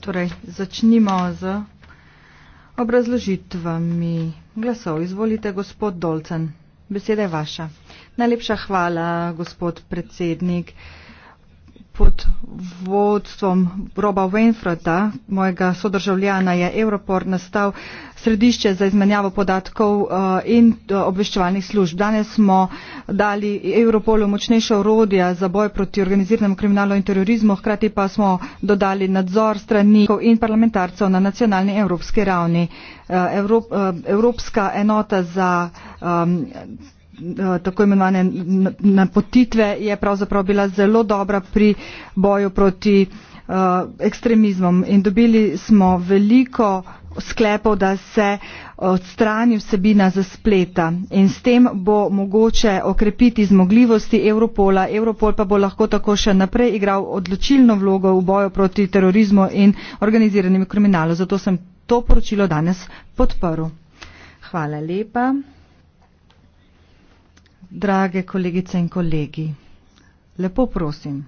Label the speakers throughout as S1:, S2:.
S1: Torej, začnimo z obrazložitvami glasov. Izvolite, gospod Dolcen, beseda je vaša. Najlepša hvala, gospod predsednik. Uh, pod vodstvom Roba Weinfrata, mojega sodržavljana, je Europol nastal središče za izmenjavo podatkov eh, in eh, obveščevalnih služb. Danes smo dali Europolu močnejša urodja za boj proti organiziranemu kriminalu in terorizmu, hkrati pa smo dodali nadzor strani in parlamentarcev na nacionalni evropski ravni. Eh, Evropska enota za Eh, tako imenovane napotitve je pravzaprav bila zelo dobra pri boju proti eh, ekstremizmom in dobili smo veliko sklepov, da se odstrani vsebina za spleta in s tem bo mogoče okrepiti zmogljivosti Europola, Europol pa bo lahko tako še naprej igral odločilno vlogo v boju proti terorizmu in organiziranemu kriminalu. Zato sem to poročilo danes podprl. Hvala lepa. Drage kolegice in kolegi, lepo prosim,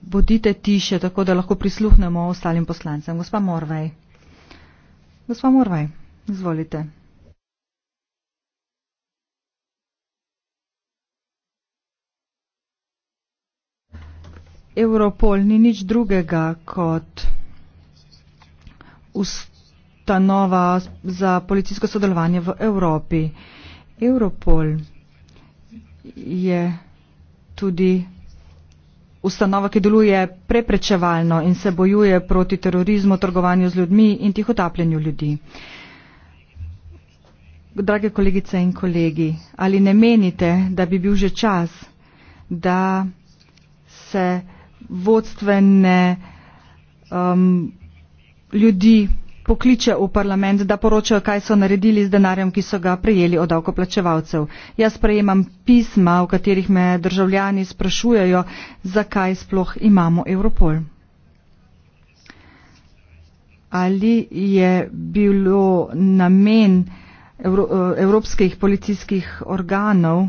S1: bodite tiše, tako da lahko prisluhnemo ostalim poslancem. Gospa Morvaj. Gospa Morvaj, izvolite. Evropol ni nič drugega kot ustanova za policijsko sodelovanje v Evropi. Evropol je tudi ustanova, ki deluje preprečevalno in se bojuje proti terorizmu, trgovanju z ljudmi in tihotapljenju ljudi. Drage kolegice in kolegi, ali ne menite, da bi bil že čas, da se vodstvene um, ljudi pokliče v parlament da poročajo kaj so naredili z denarjem ki so ga prejeli od davkoplačevalcev jaz sprejemam pisma v katerih me državljani sprašujejo zakaj sploh imamo europol ali je bilo namen eh, evropskih policijskih organov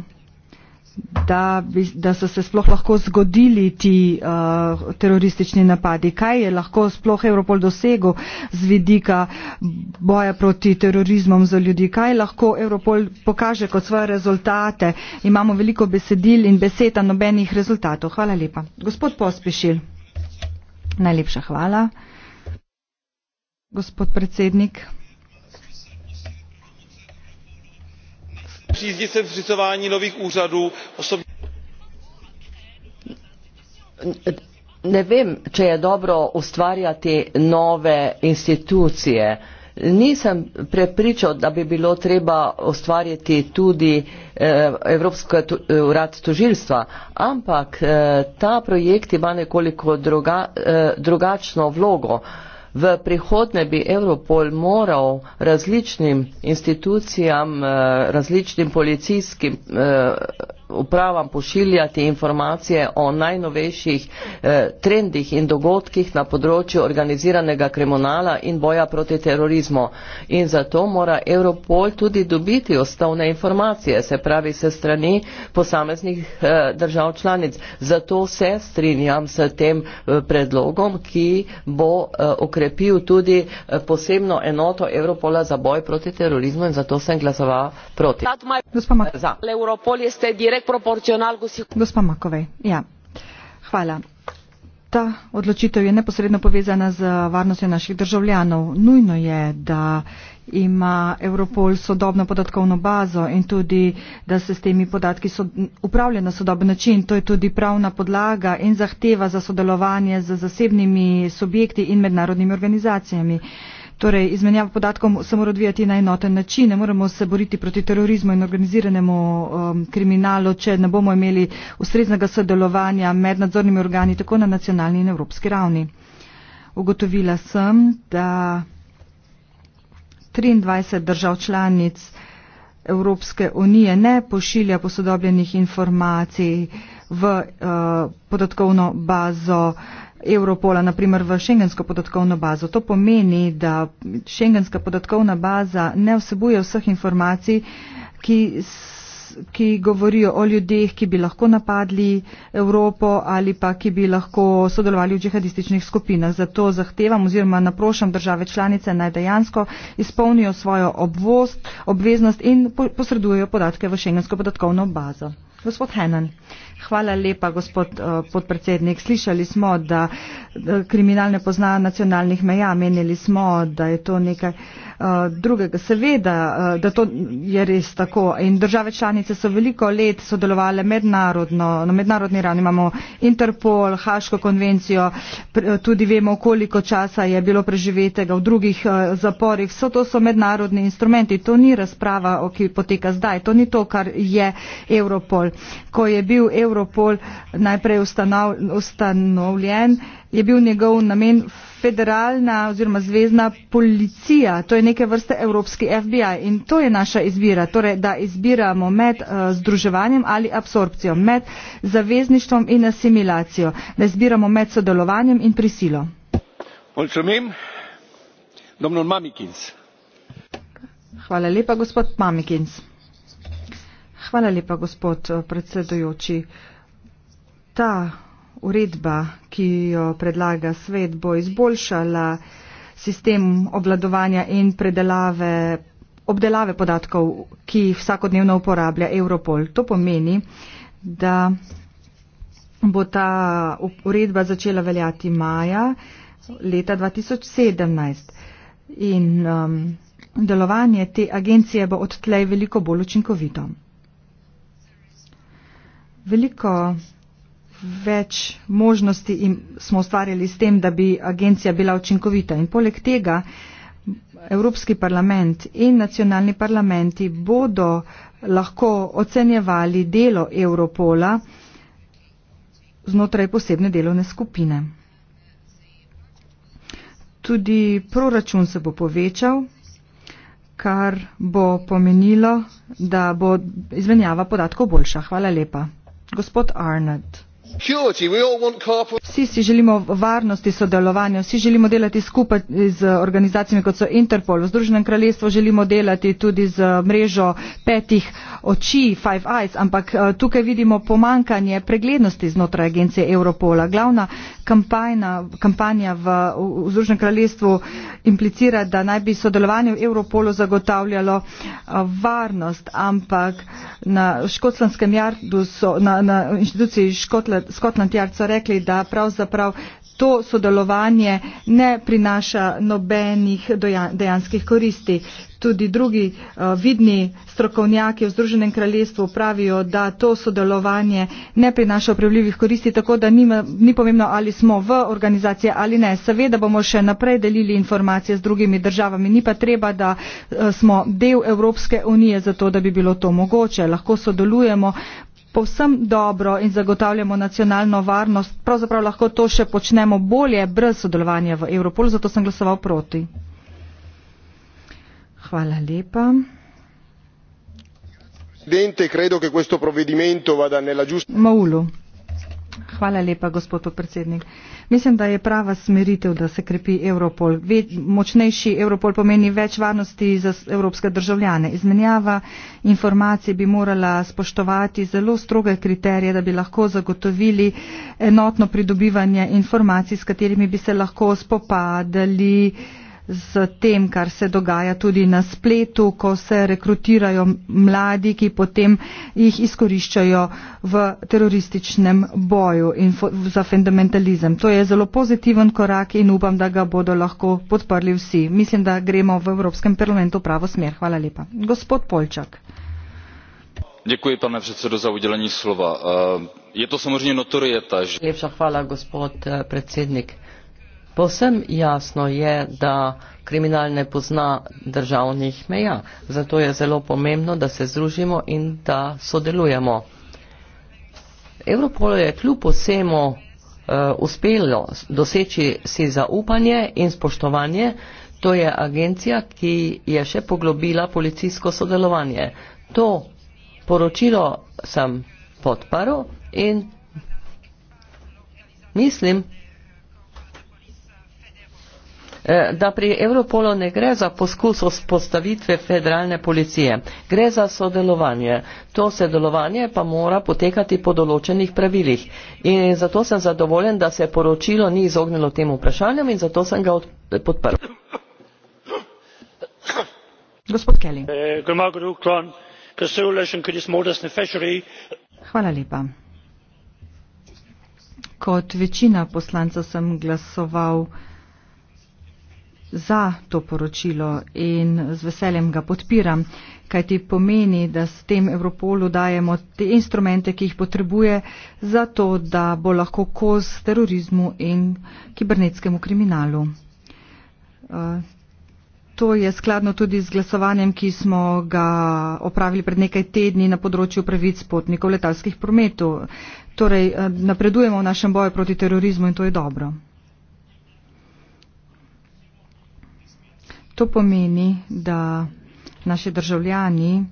S1: da, bi, da so se sploh lahko zgodili ti uh, teroristični napadi? Kaj je lahko sploh Europol dosegel z vidika boja proti terorizmom za ljudi? Kaj lahko Europol pokaže kot svoje rezultate? Imamo veliko besedil in beseda nobenih rezultatov. Hvala lepa. Gospod Pospišil. Najlepša hvala. Gospod predsednik.
S2: zpřísnit se ve zřizování
S3: nových úřadů. Osobně...
S2: Ne vem, če je dobro ustvarjati nove institucije. Nisem prepričal, da bi bilo treba ustvarjati tudi eh, Evropsko urad tožilstva, ampak eh, ta projekt ima nekoliko druga, eh, drugačno vlogo. V prihodnje bi Evropol moral različnim institucijam, eh, različnim policijskim eh, upravam pošiljati informacije o najnovejših eh, trendih in dogodkih na področju organiziranega kriminala in boja proti terorizmu. In zato mora Europol tudi dobiti osnovne informacije, se pravi se strani posameznih eh, držav članic. Zato se strinjam s tem eh, predlogom, ki bo eh, okrepil tudi eh, posebno enoto Europola za boj proti terorizmu in zato sem glasoval proti direct proporțional cu
S1: siguranța. Ja. Ta odločitev je neposredno povezana z varnostjo naših državljanov. Nujno je, da ima Europol sodobno podatkovno bazo in tudi, da se s temi podatki so, upravlja na sodoben način. To je tudi pravna podlaga in zahteva za sodelovanje z zasebnimi subjekti in mednarodnimi organizacijami. Uh, Torej, izmenjava podatkov se mora odvijati na enoten način, ne moramo se boriti proti terorizmu in organiziranemu um, kriminalu, če ne bomo imeli ustreznega sodelovanja med nadzornimi organi tako na nacionalni in evropski ravni. Ugotovila sem, da 23 držav članic Evropske unije ne pošilja posodobljenih informacij v uh, podatkovno bazo uh, Europola, naprimer v šengensko podatkovno bazo. To pomeni, da šengenska podatkovna baza ne vsebuje vseh informacij, ki, ki govorijo o ljudeh, ki bi lahko napadli Evropo ali pa ki bi lahko sodelovali v džihadističnih skupinah. Zato zahtevam oziroma naprošam države članice naj dejansko izpolnijo svojo obvost, obveznost in posredujejo podatke v šengensko podatkovno bazo. Gospod Henan. Hvala lepa, gospod uh, podpredsednik. Slišali smo, da, da kriminal ne pozna nacionalnih meja. Menili smo, da je to nekaj uh, drugega. Seveda, uh, da to je res tako. In države članice so veliko let sodelovali mednarodno. Na mednarodni ravni imamo Interpol, Haško konvencijo, tudi vemo, koliko časa je bilo preživetega v drugih uh, zaporih. Vso to so mednarodni instrumenti. To ni razprava, ki poteka zdaj. To ni to, kar je Europol ko je bil Europol najprej ustanov, ustanovljen, je bil njegov namen federalna oziroma zvezdna policija, to je neke vrste evropski FBI in to je naša izbira, torej da izbiramo med uh, združevanjem ali absorpcijo, med zavezništvom in asimilacijo, da izbiramo med sodelovanjem in prisilo. Hvala lepa, gospod Mamikins. Hvala lepa, gospod eh, predsedujoči. Ta uredba, ki jo predlaga svet, bo izboljšala sistem obladovanja in predelave obdelave podatkov, ki jih vsakodnevno uporablja Europol. To pomeni, da bo ta uredba začela veljati maja leta 2017 in um, delovanje te agencije bo odtlej veliko bolj učinkovito veliko več možnosti smo ustvarjali s tem, da bi agencija bila učinkovita. In poleg tega Evropski parlament in nacionalni parlamenti bodo lahko ocenjevali delo Evropola znotraj posebne delovne skupine. Tudi proračun se bo povečal, kar bo pomenilo, da bo izmenjava podatkov boljša. Hvala lepa gospod Arnold. Vsi si želimo varnosti sodelovanja, vsi želimo delati skupaj z organizacijami kot so Interpol. V Združenem kraljestvu želimo delati tudi z mrežo petih uh, oči, five eyes, ampak eh, tukaj vidimo pomankanje preglednosti znotraj agencije Europola. Glavna kampanja, kampanja v Združenem kraljestvu implicira, da naj bi sodelovanje v Europolu zagotavljalo eh, varnost, ampak na škotskem jardu so, na, na inštituciji Škotland Jard so rekli, da pravzaprav to sodelovanje ne prinaša nobenih dejanskih koristi. Tudi drugi eh, vidni strokovnjaki v Združenem kraljestvu pravijo, da to sodelovanje ne prinaša upravljivih koristi, tako da ni, ni pomembno, ali smo v organizaciji ali ne. Seveda bomo še naprej delili informacije z drugimi državami, ni pa treba, da eh, smo del Evropske unije, zato da bi bilo to mogoče. Lahko sodelujemo povsem dobro in zagotavljamo nacionalno varnost, pravzaprav lahko to še počnemo bolje brez sodelovanja v Europolu, zato sem glasoval proti. Hvala lepa.
S2: Presidente, credo che questo provvedimento vada nella giusta. Maulu.
S1: Hvala lepa, gospod podpredsednik. Mislim, da je prava smeritev, da se krepi Europol. Ved, močnejši Europol pomeni več varnosti za evropske državljane. Izmenjava informacij bi morala spoštovati zelo stroge kriterije, da bi lahko zagotovili enotno pridobivanje informacij, s katerimi bi se lahko spopadali z tem, kar se dogaja tudi na spletu, ko se rekrutirajo mladi, ki potem jih izkoriščajo v terorističnem boju in za fundamentalizem. To je zelo pozitiven korak in upam, da ga bodo lahko podprli vsi. Mislim, da gremo v Evropskem parlamentu v pravo smer. Hvala lepa. Gospod Polčak. Děkuji, pane předsedo, za udělení slova. Eh, je to samozřejmě notorieta. Že... Lepša hvala, gospod eh,
S2: predsednik. Povsem jasno je, da kriminal ne pozna državnih meja, zato je zelo pomembno, da se združimo in da sodelujemo. Evropolo je kljub vsemu eh, uspelo doseči si zaupanje in spoštovanje. To je agencija, ki je še poglobila policijsko sodelovanje. To poročilo sem podparil in mislim, Eh, da pri Evropolu ne gre za poskus vzpostavitve federalne policije, gre za sodelovanje. To sodelovanje pa mora potekati po določenih pravilih. In zato sem zadovoljen, da se poročilo ni izognilo tem vprašanjem in zato sem ga podprl.
S3: Gospod Kelly. Eh,
S1: Hvala lepa. Kot večina poslancev sem glasoval, za to poročilo in z veseljem ga podpiram, kaj ti pomeni, da s tem Evropolu dajemo te instrumente, ki jih potrebuje, zato da bo lahko koz terorizmu in kibernetskemu kriminalu. Uh, to je skladno tudi z glasovanjem, ki smo ga opravili pred nekaj tedni na področju pravic potnikov letalskih prometov. Torej, uh, napredujemo v našem boju proti terorizmu in to je dobro. To pomeni, da naši državljani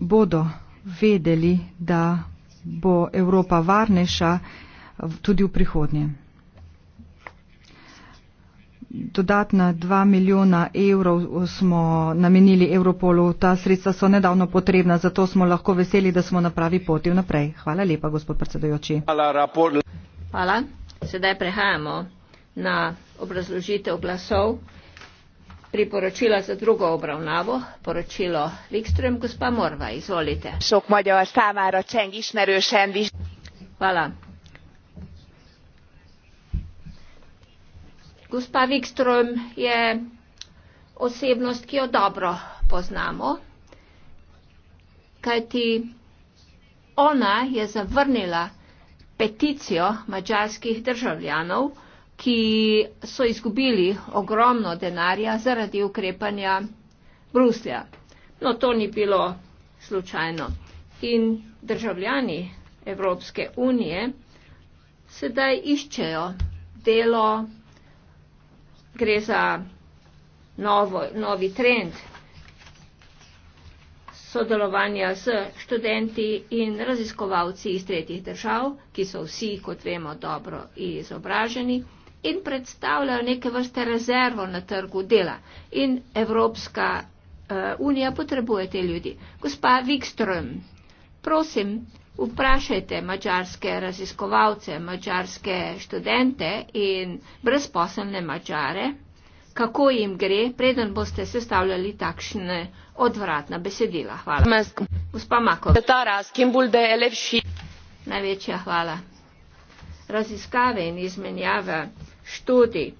S1: bodo vedeli, da bo Evropa varnejša tudi v prihodnje. Dodatna 2 milijona evrov smo namenili Evropolu. Ta sredstva so nedavno potrebna, zato smo lahko veseli, da smo na pravi poti vnaprej. Hvala lepa, gospod predsedojoči.
S2: Hvala,
S3: Hvala. Sedaj prehajamo na obrazložitev glasov priporočila za drugo obravnavo poročilo wikström gospa morva izvolite sok magyar számára cseng ismerősen Hvala. Gospa Wikström je osebnost, ki jo dobro poznamo, kajti ona je zavrnila peticijo mađarskih državljanov, ki so izgubili ogromno denarja zaradi ukrepanja Bruslja. No, to ni bilo slučajno. In državljani Evropske unije sedaj iščejo delo, gre za novo, novi trend sodelovanja s študenti in raziskovalci iz tretjih držav, ki so vsi, kot vemo, dobro izobraženi in predstavljajo neke vrste rezervo na trgu dela. In Evropska uh, unija potrebuje te ljudi. Gospa Wikström, prosim, vprašajte mačarske raziskovalce, mačarske študente in brezposelne mačare, kako jim gre, preden boste sestavljali takšne odvratna besedila. Hvala. Gospa Mako. Največja hvala raziskave in izmenjave, študi,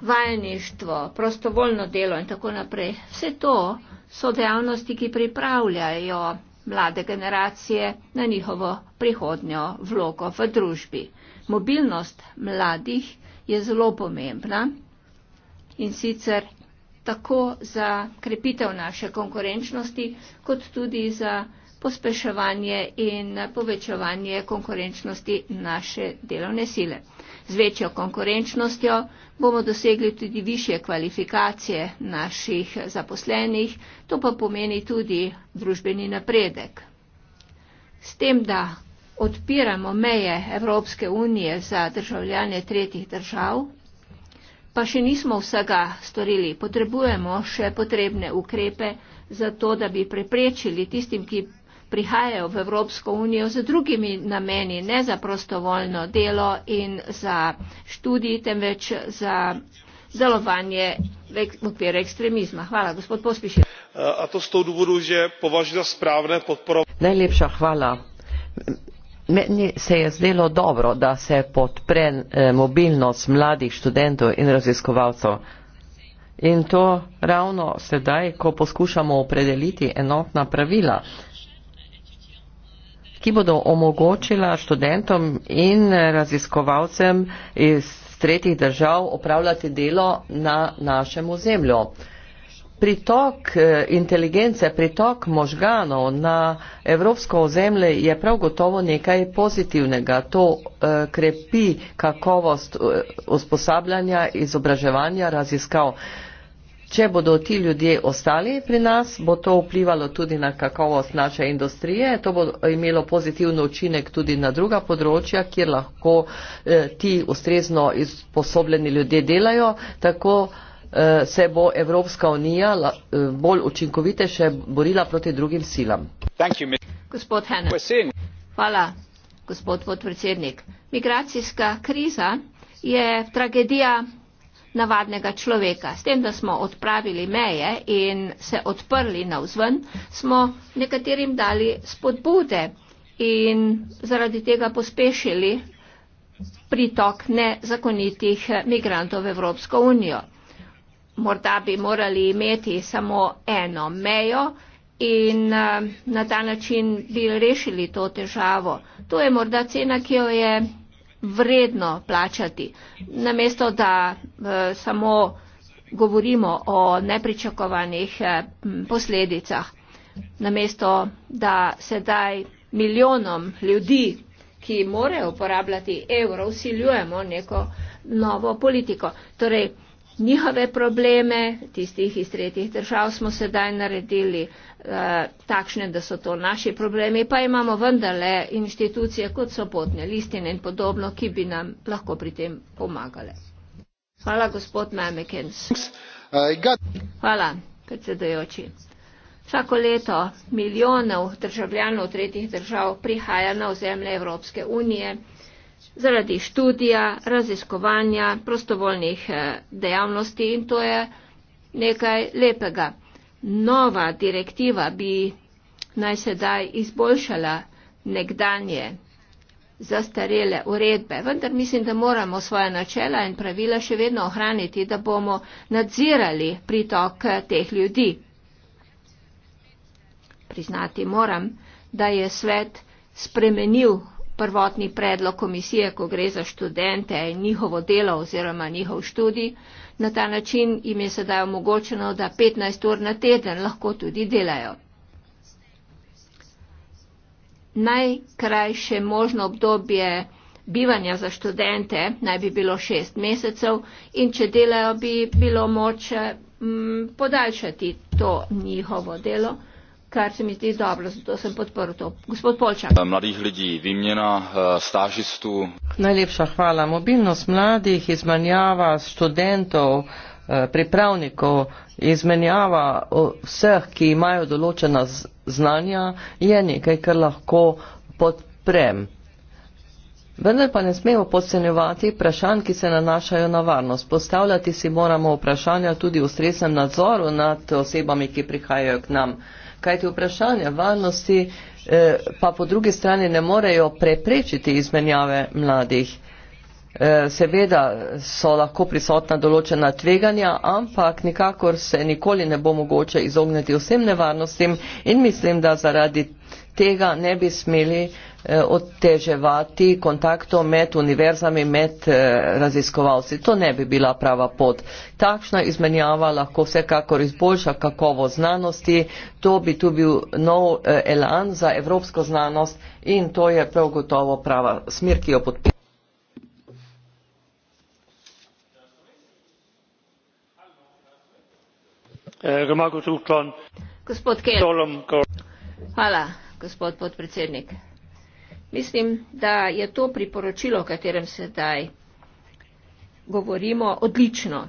S3: vajeništvo, prostovoljno delo in tako naprej. Vse to so dejavnosti, ki pripravljajo mlade generacije na njihovo prihodnjo vlogo v družbi. Mobilnost mladih je zelo pomembna in sicer tako za krepitev naše konkurenčnosti, kot tudi za pospeševanje in povečevanje konkurenčnosti naše delovne sile. Z večjo konkurenčnostjo bomo dosegli tudi više kvalifikacije naših zaposlenih, to pa pomeni tudi družbeni napredek. S tem, da odpiramo meje Evropske unije za državljane tretjih držav, pa še nismo vsega storili. Potrebujemo še potrebne ukrepe za to, da bi preprečili tistim, ki prihajajo v Evropsko unijo z drugimi nameni, ne za prostovoljno delo in za študij, temveč za zalovanje v okviru ekstremizma. Hvala, gospod Pospiši. Eh, a to z to důvodu, že považuji za správne podporo.
S2: Najlepša hvala. Meni se je zdelo dobro, da se podpre eh, mobilnost mladih študentov in raziskovalcev. In to ravno sedaj, ko poskušamo opredeliti enotna pravila ki bodo omogočila študentom in raziskovalcem iz tretjih držav opravljati delo na našem ozemlju. Pritok eh, inteligence, pritok možganov na evropsko ozemlje je prav gotovo nekaj pozitivnega. To eh, krepi kakovost eh, usposabljanja, izobraževanja, raziskav. Če bodo ti ljudje ostali pri nas, bo to vplivalo tudi na kakovost naše industrije, to bo imelo pozitivno učinek tudi na druga področja, kjer lahko eh, ti ustrezno izposobljeni ljudje delajo, tako eh, se bo Evropska unija la, eh, bolj učinkovite še borila proti drugim silam.
S1: You,
S3: gospod Hvala, gospod podpredsednik. Migracijska kriza je tragedija navadnega človeka. S tem, da smo odpravili meje in se odprli navzven, smo nekaterim dali spodbude in zaradi tega pospešili pritok nezakonitih migrantov v Evropsko unijo. Morda bi morali imeti samo eno mejo in eh, na ta način bi rešili to težavo. To je morda cena, ki jo je vredno plačati. Namesto, da eh, samo govorimo o nepričakovanih eh, posledicah, namesto, da sedaj milijonom ljudi, ki morajo uporabljati evro, usiljujemo neko novo politiko. Torej, njihove probleme, tistih iz tretjih držav smo sedaj naredili eh, takšne, da so to naši problemi, pa imamo vendarle inštitucije kot so potne listine in podobno, ki bi nam lahko pri tem pomagale. Hvala, gospod Memekens. Hvala, predsedojoči. Vsako leto milijonov državljanov tretjih držav prihaja na ozemlje Evropske unije zaradi študija, raziskovanja, prostovoljnih eh, dejavnosti in to je nekaj lepega. Nova direktiva bi naj sedaj izboljšala nekdanje zastarele uredbe, vendar mislim, da moramo svoje načela in pravila še vedno ohraniti, da bomo nadzirali pritok eh, teh ljudi. Priznati moram, da je svet spremenil prvotni predlog komisije, ko gre za študente in njihovo delo oziroma njihov študij. Na ta način jim je sedaj omogočeno, da 15 ur na teden lahko tudi delajo. Najkrajše možno obdobje bivanja za študente naj bi bilo 6 mesecev in če delajo, bi bilo moče mm, podaljšati to njihovo delo kar se mi zdi dobro zato sem podprl to. Gospod Polčak. Eh,
S1: mladih ljudi, vimljena, eh, stažistu.
S2: Najlepša hvala. Mobilnost mladih, izmanjava študentov, eh, pripravnikov, izmenjava vseh, ki imajo določena znanja, je nekaj, kar lahko podprem. Vendar pa ne smemo podcenjevati vprašanj, ki se nanašajo na varnost. Postavljati si moramo vprašanja tudi v stresnem nadzoru nad osebami, ki prihajajo k nam kajti vprašanja varnosti eh, pa po drugi strani ne morejo preprečiti izmenjave mladih. Eh, seveda so lahko prisotna določena tveganja, ampak nikakor se nikoli ne bo mogoče izogniti vsem nevarnostim in mislim, da zaradi tega ne bi smeli eh, oteževati kontaktov med univerzami, med eh, raziskovalci. To ne bi bila prava pot. Takšna izmenjava lahko vsekakor izboljša kakovo znanosti. To bi tu bil nov eh, elan za evropsko znanost in to je prav gotovo prava smer, ki jo podpira.
S3: Gospod Kelly. Hvala gospod podpredsednik. Mislim, da je to priporočilo, o katerem sedaj govorimo, odlično.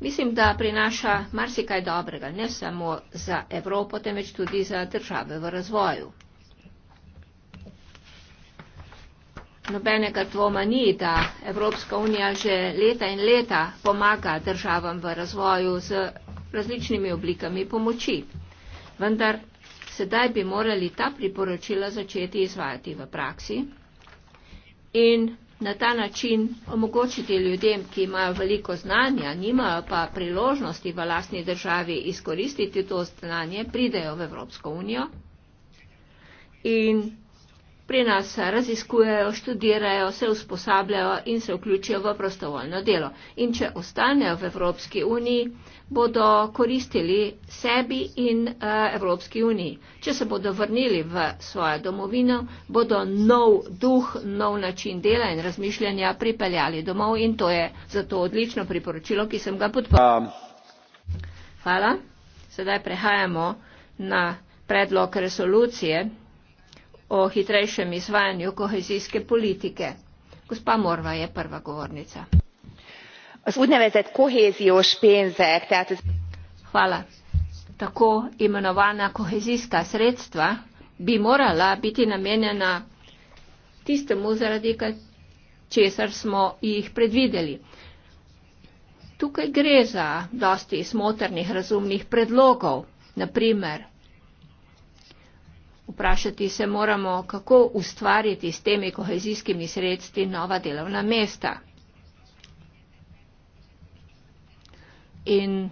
S3: Mislim, da prinaša marsikaj dobrega, ne samo za Evropo, temveč tudi za države v razvoju. Nobenega dvoma ni, da Evropska unija že leta in leta pomaga državam v razvoju z različnimi oblikami pomoči. Vendar sedaj bi morali ta priporočila začeti izvajati v praksi in na ta način omogočiti ljudem, ki imajo veliko znanja, nimajo pa priložnosti v lastni državi izkoristiti to znanje, pridejo v Evropsko unijo. In pri nas raziskujejo, študirajo, se usposabljajo in se vključijo v prostovoljno delo. In če ostanejo v Evropski uniji, bodo koristili sebi in eh, Evropski uniji. Če se bodo vrnili v svojo domovino, bodo nov duh, nov način dela in razmišljanja pripeljali domov in to je zato odlično priporočilo, ki sem ga podprl. Um. Hvala. Sedaj prehajamo na predlog resolucije o hitrejšem izvajanju kohezijske politike. Gospa Morva je prva govornica. Az úgynevezett kohéziós pénzek, tehát az... Hvala. Tako imenovana kohezijska sredstva bi morala biti namenjena tistemu, zaradi česar smo jih predvideli. Tukaj gre za dosti smotrnih razumnih predlogov, naprimer vprašati se moramo, kako ustvariti s temi kohezijskimi sredstvi nova delovna mesta. In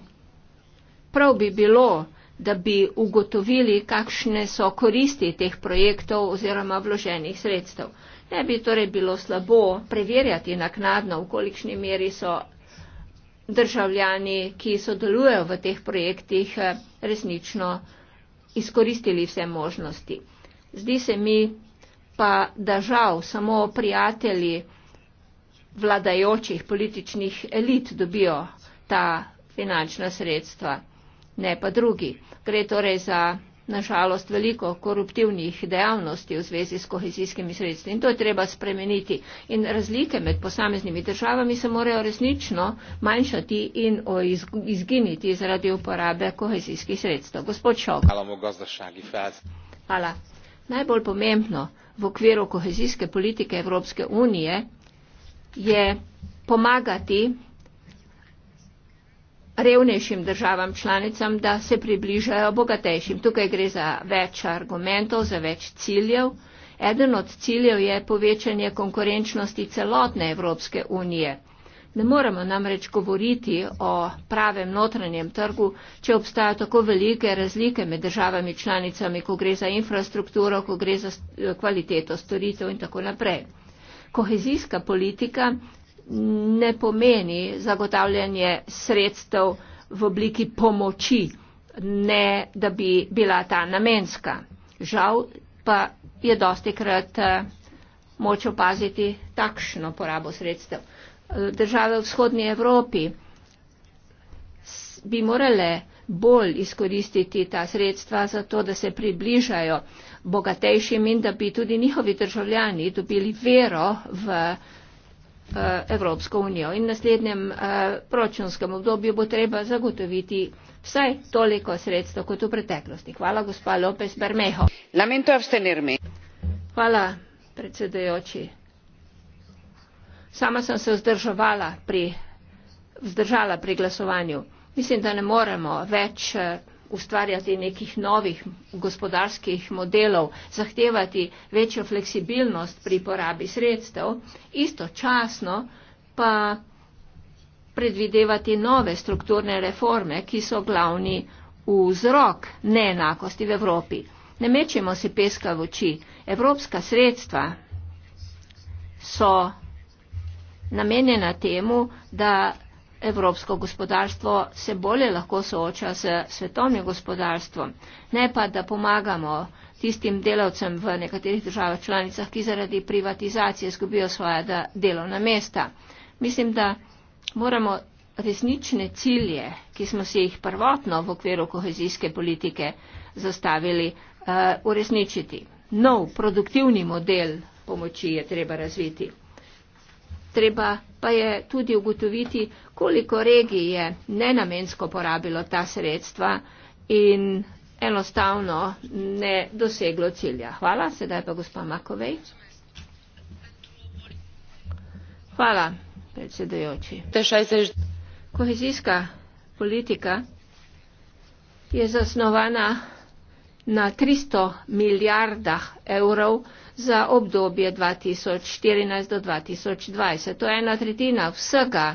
S3: prav bi bilo, da bi ugotovili, kakšne so koristi teh projektov oziroma vloženih sredstev. Ne bi torej bilo slabo preverjati naknadno, v kolikšni meri so državljani, ki sodelujejo v teh projektih, resnično izkoristili vse možnosti. Zdi se mi pa, da žal samo prijatelji vladajočih političnih elit dobijo ta finančna sredstva, ne pa drugi. Gre torej za nažalost veliko koruptivnih dejavnosti v zvezi s kohezijskimi sredstvi in to je treba spremeniti. In razlike med posameznimi državami se morajo resnično manjšati in izginiti zaradi uporabe kohezijskih sredstev. Gospod Šok. Hvala. Najbolj pomembno v okviru kohezijske politike Evropske unije je pomagati revnejšim državam članicam, da se približajo bogatejšim. Tukaj gre za več argumentov, za več ciljev. Eden od ciljev je povečanje konkurenčnosti celotne Evropske unije. Ne moremo namreč govoriti o pravem notranjem trgu, če obstajajo tako velike razlike med državami članicami, ko gre za infrastrukturo, ko gre za kvaliteto storitev in tako naprej. Kohezijska politika ne pomeni zagotavljanje sredstev v obliki pomoči, ne da bi bila ta namenska. Žal pa je dosti krat eh, moč opaziti takšno porabo sredstev. Eh, države vzhodnje Evropi bi morale bolj izkoristiti ta sredstva za to, da se približajo bogatejšim in da bi tudi njihovi državljani dobili vero v Eh, Evropsko unijo. In v naslednjem eh, proračunskem obdobju bo treba zagotoviti vsaj toliko sredstev kot v preteklosti. Hvala, gospa López Bermejo. Hvala, predsedajoči. Sama sem se vzdržala pri, pri glasovanju. Mislim, da ne moremo več. Uh, ustvarjati nekih novih gospodarskih modelov, zahtevati večjo fleksibilnost pri porabi sredstev, istočasno pa predvidevati nove strukturne reforme, ki so glavni vzrok neenakosti v Evropi. Ne mečemo si peska v oči. Evropska sredstva so namenjena temu, da evropsko gospodarstvo se bolje lahko sooča z svetovnim gospodarstvom. Ne pa, da pomagamo tistim delavcem v nekaterih državah članicah, ki zaradi privatizacije izgubijo svoja delovna mesta. Mislim, da moramo resnične cilje, ki smo si jih prvotno v okviru kohezijske politike zastavili, uh, uresničiti. Nov produktivni model pomoči je treba razviti treba pa je tudi ugotoviti, koliko regij je nenamensko porabilo ta sredstva in enostavno ne doseglo cilja. Hvala, sedaj pa gospa Makovej. Hvala, predsedujoči. Kohezijska politika je zasnovana na 300 milijardah evrov, za obdobje 2014 do 2020. To je ena tretjina vsega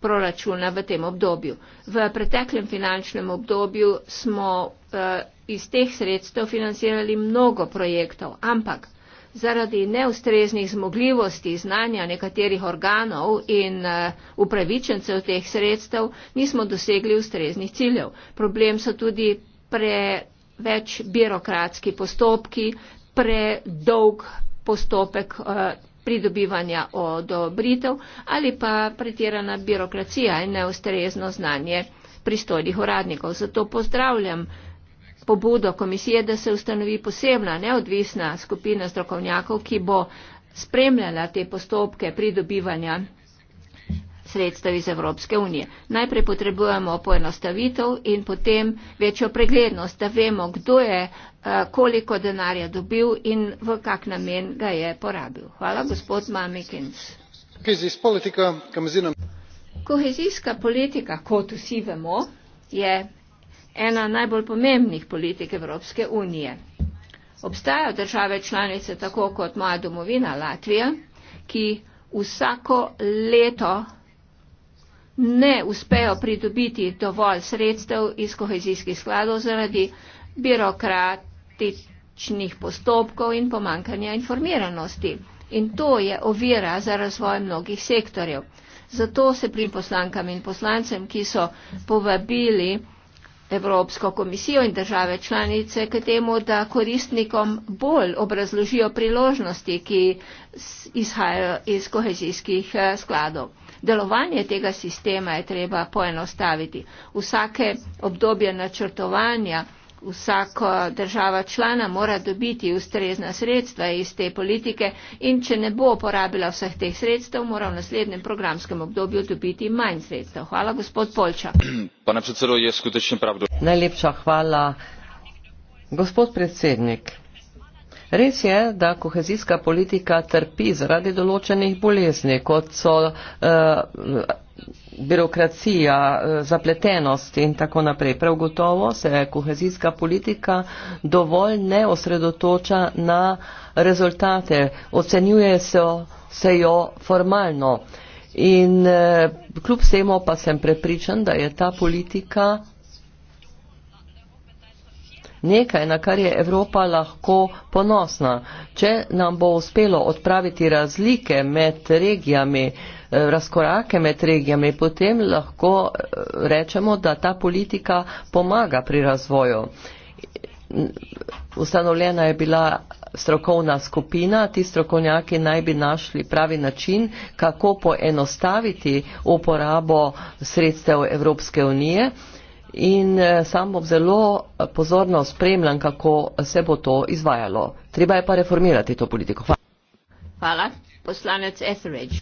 S3: proračuna v tem obdobju. V preteklem finančnem obdobju smo eh, iz teh sredstev financirali mnogo projektov, ampak zaradi neustreznih zmogljivosti znanja nekaterih organov in eh, upravičencev teh sredstev nismo dosegli ustreznih ciljev. Problem so tudi preveč birokratski postopki, predolg postopek eh, pridobivanja odobritev ali pa pretirana birokracija in neustrezno znanje pristojnih uradnikov. Zato pozdravljam pobudo komisije, da se ustanovi posebna neodvisna skupina strokovnjakov, ki bo spremljala te postopke pridobivanja odobritev sredstev iz Evropske unije. Najprej potrebujemo poenostavitev in potem večjo preglednost, da vemo, kdo je eh, koliko denarja dobil in v kak namen ga je porabil. Hvala, gospod Mamikins. Kohezijska politika, kot vsi vemo, je ena najbolj pomembnih politik Evropske unije. Obstajajo države članice, tako kot moja domovina Latvija, ki vsako leto ne uspejo pridobiti dovolj sredstev iz kohezijskih skladov zaradi birokratičnih postopkov in pomankanja informiranosti. In to je ovira za razvoj mnogih sektorjev. Zato se pri poslankam in poslancem, ki so povabili Evropsko komisijo in države članice k temu, da koristnikom bolj obrazložijo priložnosti, ki izhajajo iz kohezijskih eh, skladov delovanje tega sistema je treba poenostaviti. Vsake obdobje načrtovanja, vsaka država člana mora dobiti ustrezna sredstva iz te politike in če ne bo porabila vseh teh sredstev, mora v naslednjem programskem obdobju dobiti manj sredstev. Hvala, gospod Polča.
S2: Najlepša hvala. Gospod predsednik, Res je, da kohezijska politika trpi zaradi določenih bolezni, kot so uh, birokracija, eh, zapletenost in tako naprej. Prav gotovo se kohezijska politika dovolj ne osredotoča na rezultate, ocenjuje se, se jo formalno. In eh, kljub vsemu pa sem prepričan, da je ta politika nekaj, na kar je Evropa lahko ponosna. Če nam bo uspelo odpraviti razlike med regijami, eh, razkorake med regijami, potem lahko eh, rečemo, da ta politika pomaga pri razvoju. Ustanovljena je bila strokovna skupina, ti strokovnjaki naj bi našli pravi način, kako poenostaviti uporabo sredstev Evropske unije in eh, sam bom zelo pozorno spremljan, kako se bo to izvajalo. Treba je pa reformirati to politiko. Hvala.
S3: Hvala. Poslanec Etheridge.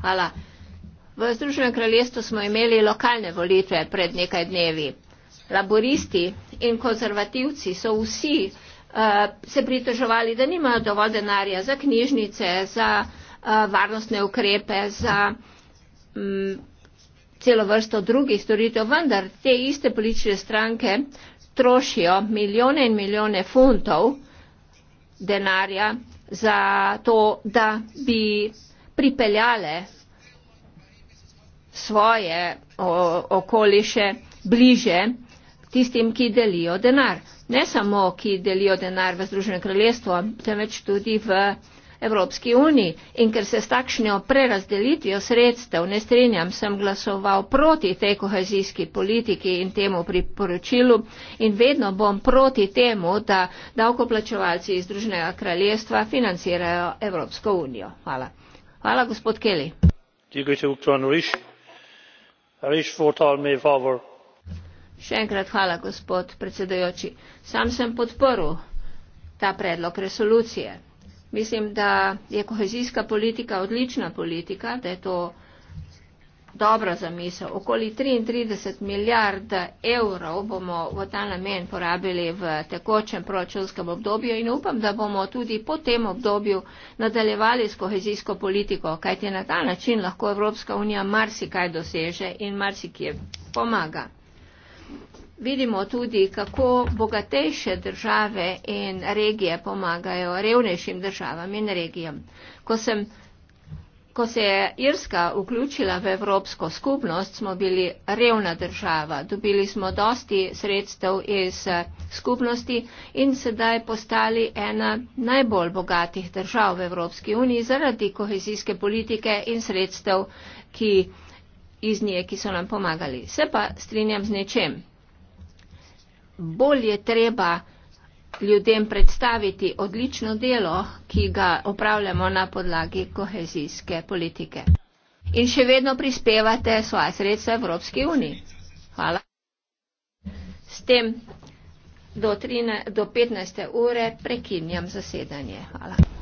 S3: Hvala. V Združenem kraljestvu smo imeli lokalne volitve pred nekaj dnevi. Laboristi in konzervativci so vsi uh, se pritoževali, da nimajo dovolj denarja za knjižnice, za uh, varnostne ukrepe, za um, celo vrsto drugih storitev, vendar te iste politične stranke trošijo milijone in milijone funtov denarja za to, da bi pripeljale svoje okoliše bliže tistim, ki delijo denar. Ne samo, ki delijo denar v Združenem kraljestvu, temveč tudi v Evropski uniji in ker se s takšnjo prerazdelitvijo sredstev ne strinjam, sem glasoval proti tej kohezijski politiki in temu priporočilu in vedno bom proti temu, da davkoplačevalci iz Združenega kraljestva financirajo Evropsko unijo. Hvala. Hvala, gospod Kelly. Še enkrat hvala, gospod predsedujoči. Sam sem podporil ta predlog resolucije. Mislim, da je kohezijska politika odlična politika, da je to dobra zamisel. Okoli 33 milijard evrov bomo v ta namen porabili v tekočem proračunskem obdobju in upam, da bomo tudi po tem obdobju nadaljevali s kohezijsko politiko, kajti na ta način lahko Evropska unija marsikaj doseže in marsikje pomaga vidimo tudi, kako bogatejše države in regije pomagajo revnejšim državam in regijam. Ko, sem, ko se je Irska vključila v Evropsko skupnost, smo bili revna država, dobili smo dosti sredstev iz skupnosti in sedaj postali ena najbolj bogatih držav v Evropski uniji zaradi kohezijske politike in sredstev, ki iz nje, ki so nam pomagali. Se pa strinjam z nečem bolj je treba ljudem predstaviti odlično delo, ki ga opravljamo na podlagi kohezijske politike. In še vedno prispevate svoje sredstva Evropski uniji. Hvala. S tem do, 13, do 15. ure prekinjam zasedanje. Hvala.